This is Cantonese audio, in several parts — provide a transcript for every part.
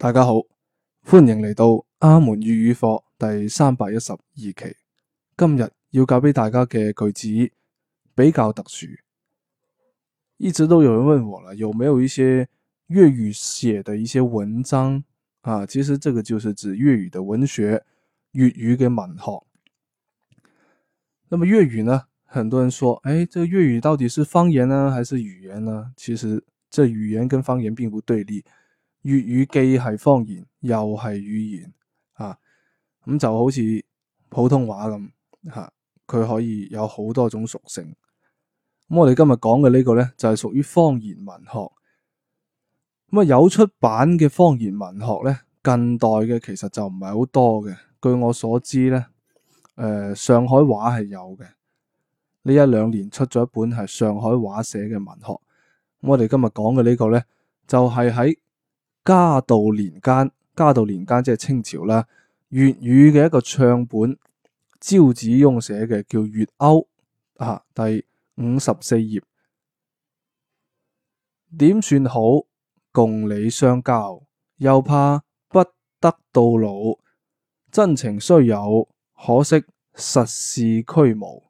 大家好，歡迎嚟到阿門粵語課第三百一十二期。今日要教俾大家嘅句子，比較特殊，一直都有人問我啦，有沒有一些粵語寫的一些文章啊？其實這個就是指粵語的文學，粵語嘅文學。那麼粵語呢，很多人說，誒、哎，這個、粵語到底是方言呢，還是語言呢？其實，這個、語言跟方言並不對立。粵語既係方言，又係語言啊！咁就好似普通話咁吓，佢、啊、可以有好多種屬性。咁我哋今日講嘅呢個呢，就係屬於方言文學。咁啊，有出版嘅方言文學呢，近代嘅其實就唔係好多嘅。據我所知呢，誒、呃，上海話係有嘅。呢一兩年出咗一本係上海話寫嘅文學。我哋今日講嘅呢個呢，就係喺嘉道年間，嘉道年間即係清朝啦。粵語嘅一個唱本，招子雍寫嘅叫《粵歐》啊，第五十四頁，點算好，共你相交，又怕不得到老，真情雖有，可惜實事俱無。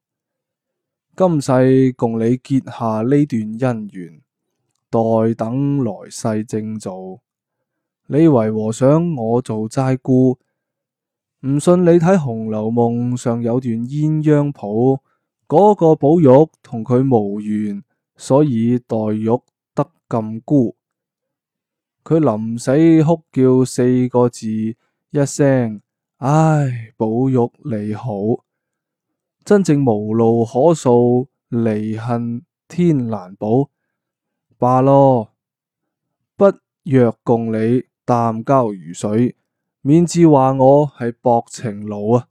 今世共你結下呢段姻緣，待等來世正做。你為和尚，我做齋姑，唔信你睇《紅樓夢》上有段鴛鴦譜，嗰個寶玉同佢無緣，所以黛玉得咁孤，佢臨死哭叫四個字一聲：唉，寶玉你好，真正無路可訴，離恨天難保，罷咯，不若共你。淡交如水，免至話我係薄情佬啊！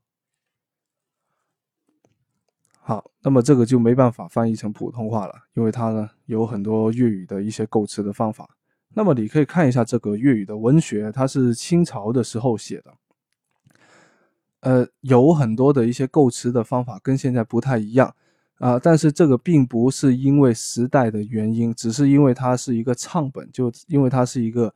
好，那麼這個就沒辦法翻譯成普通話了，因為它呢有很多粵語的一些構詞的方法。那麼你可以看一下這個粵語的文學，它是清朝的時候寫的，呃，有很多的一些構詞的方法跟現在不太一樣啊、呃。但是這個並不是因為時代的原因，只是因為它是一個唱本，就因為它是一個。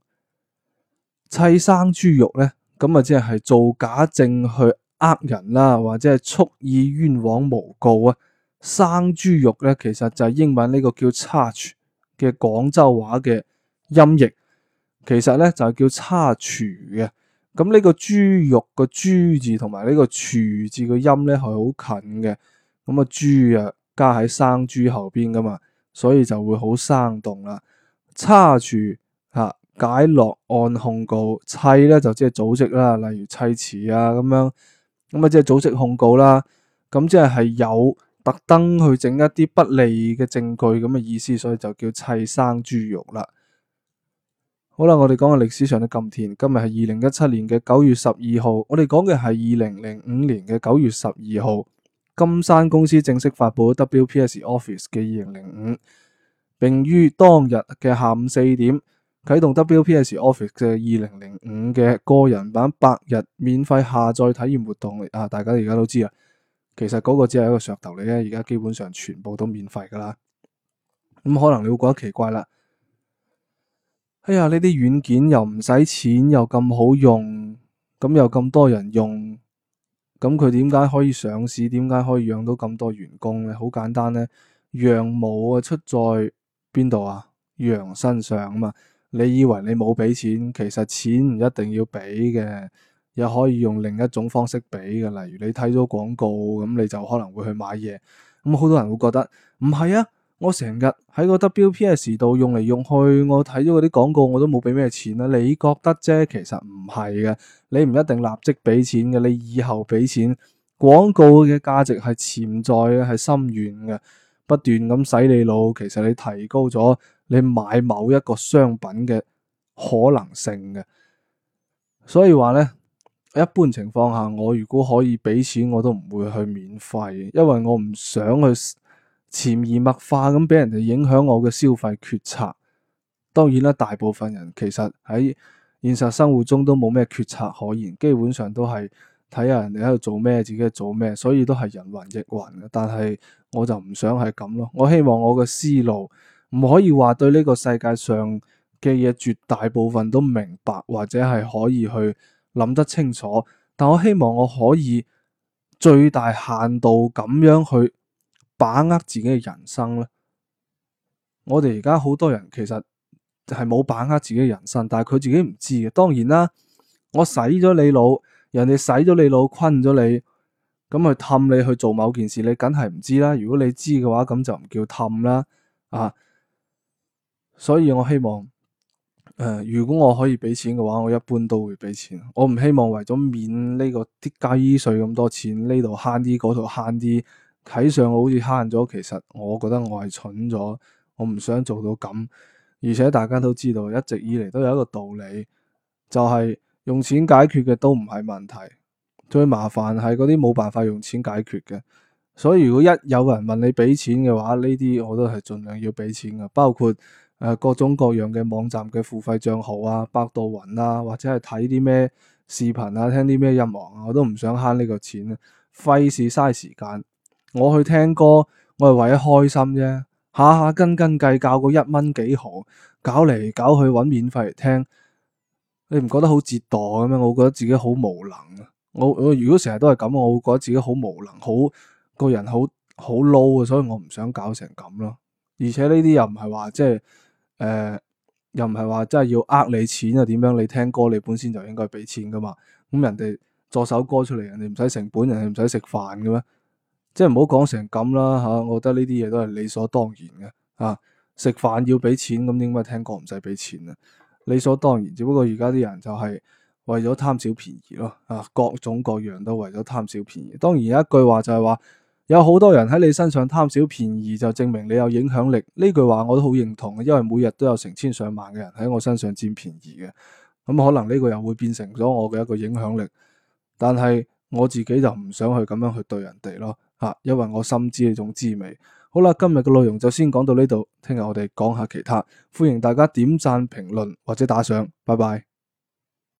砌生豬肉咧，咁啊，即係造假證去呃人啦，或者係蓄意冤枉無告啊！生豬肉咧，其實就係英文呢個叫叉 h 嘅廣州話嘅音譯，其實咧就係叫叉廚嘅。咁呢、那個豬肉個豬字同埋呢個廚字嘅音咧係好近嘅。咁啊，豬啊加喺生豬後邊噶嘛，所以就會好生動啦、啊。叉廚嚇～、啊解落案控告，砌咧，就即係組織啦，例如砌詞啊咁樣，咁啊即係組織控告啦，咁即係係有特登去整一啲不利嘅證據咁嘅意思，所以就叫砌生豬肉啦。好啦，我哋講下歷史上嘅今天，今日係二零一七年嘅九月十二號，我哋講嘅係二零零五年嘅九月十二號，金山公司正式發佈咗 WPS Office 嘅二零零五，并於當日嘅下午四點。啟動 WPS Office 嘅二零零五嘅個人版百日免費下載體驗活動，啊，大家而家都知啊，其實嗰個只係一個噱頭嚟嘅，而家基本上全部都免費噶啦。咁可能你會覺得奇怪啦，哎呀，呢啲軟件又唔使錢，又咁好用，咁又咁多人用，咁佢點解可以上市？點解可以養到咁多員工咧？好簡單咧，羊毛啊出在邊度啊？羊身上啊嘛。你以為你冇俾錢，其實錢唔一定要俾嘅，又可以用另一種方式俾嘅，例如你睇咗廣告，咁你就可能會去買嘢。咁好多人會覺得唔係啊，我成日喺個 WPS 度用嚟用去，我睇咗嗰啲廣告我都冇俾咩錢啦。你覺得啫，其實唔係嘅，你唔一定立即俾錢嘅，你以後俾錢。廣告嘅價值係潛在嘅，係深遠嘅，不斷咁洗你腦，其實你提高咗，你買某一個商品嘅可能性嘅，所以話呢，一般情況下，我如果可以俾錢，我都唔會去免費，因為我唔想去潛移默化咁俾人哋影響我嘅消費決策。當然啦，大部分人其實喺現實生活中都冇咩決策可言，基本上都係睇下人哋喺度做咩，自己做咩，所以都係人云亦云嘅。但係我就唔想係咁咯，我希望我嘅思路。唔可以話對呢個世界上嘅嘢絕大部分都明白或者係可以去諗得清楚，但我希望我可以最大限度咁樣去把握自己嘅人生咧。我哋而家好多人其實係冇把握自己嘅人生，但係佢自己唔知嘅。當然啦，我洗咗你腦，人哋洗咗你腦，困咗你，咁去氹你去做某件事，你梗係唔知啦。如果你知嘅話，咁就唔叫氹啦，啊。所以我希望，誒、呃，如果我可以俾錢嘅話，我一般都會俾錢。我唔希望為咗免呢、這個啲加一稅咁多錢，呢度慳啲，嗰度慳啲，睇上去好似慳咗，其實我覺得我係蠢咗，我唔想做到咁。而且大家都知道，一直以嚟都有一個道理，就係、是、用錢解決嘅都唔係問題，最麻煩係嗰啲冇辦法用錢解決嘅。所以如果一有人問你俾錢嘅話，呢啲我都係盡量要俾錢嘅，包括。誒各種各樣嘅網站嘅付費帳號啊，百度雲啊，或者係睇啲咩視頻啊，聽啲咩音樂啊，我都唔想慳呢個錢啊，費事嘥時間。我去聽歌，我係為咗開心啫，下下斤斤計較嗰一蚊幾毫，搞嚟搞去揾免費嚟聽，你唔覺得好折墮咁咩？我覺得自己好無能。我我如果成日都係咁，我會覺得自己好無能，好個人好好撈啊，low，所以我唔想搞成咁咯。而且呢啲又唔係話即係。誒、呃，又唔係話真係要呃你錢啊？點樣？你聽歌你本身就應該俾錢噶嘛？咁、嗯、人哋作首歌出嚟，人哋唔使成本，人哋唔使食飯嘅咩？即係唔好講成咁啦吓、啊，我覺得呢啲嘢都係理所當然嘅。啊，食飯要俾錢，咁點解聽歌唔使俾錢啊？理所當然，只不過而家啲人就係為咗貪小便宜咯。啊，各種各樣都為咗貪小便宜。當然有一句話就係話。有好多人喺你身上貪小便宜，就證明你有影響力。呢句話我都好認同，因為每日都有成千上萬嘅人喺我身上佔便宜嘅。咁、嗯、可能呢個又會變成咗我嘅一個影響力，但係我自己就唔想去咁樣去對人哋咯。吓、啊，因為我深知呢種滋味。好啦，今日嘅內容就先講到呢度，聽日我哋講下其他。歡迎大家點讚、評論或者打賞。拜拜。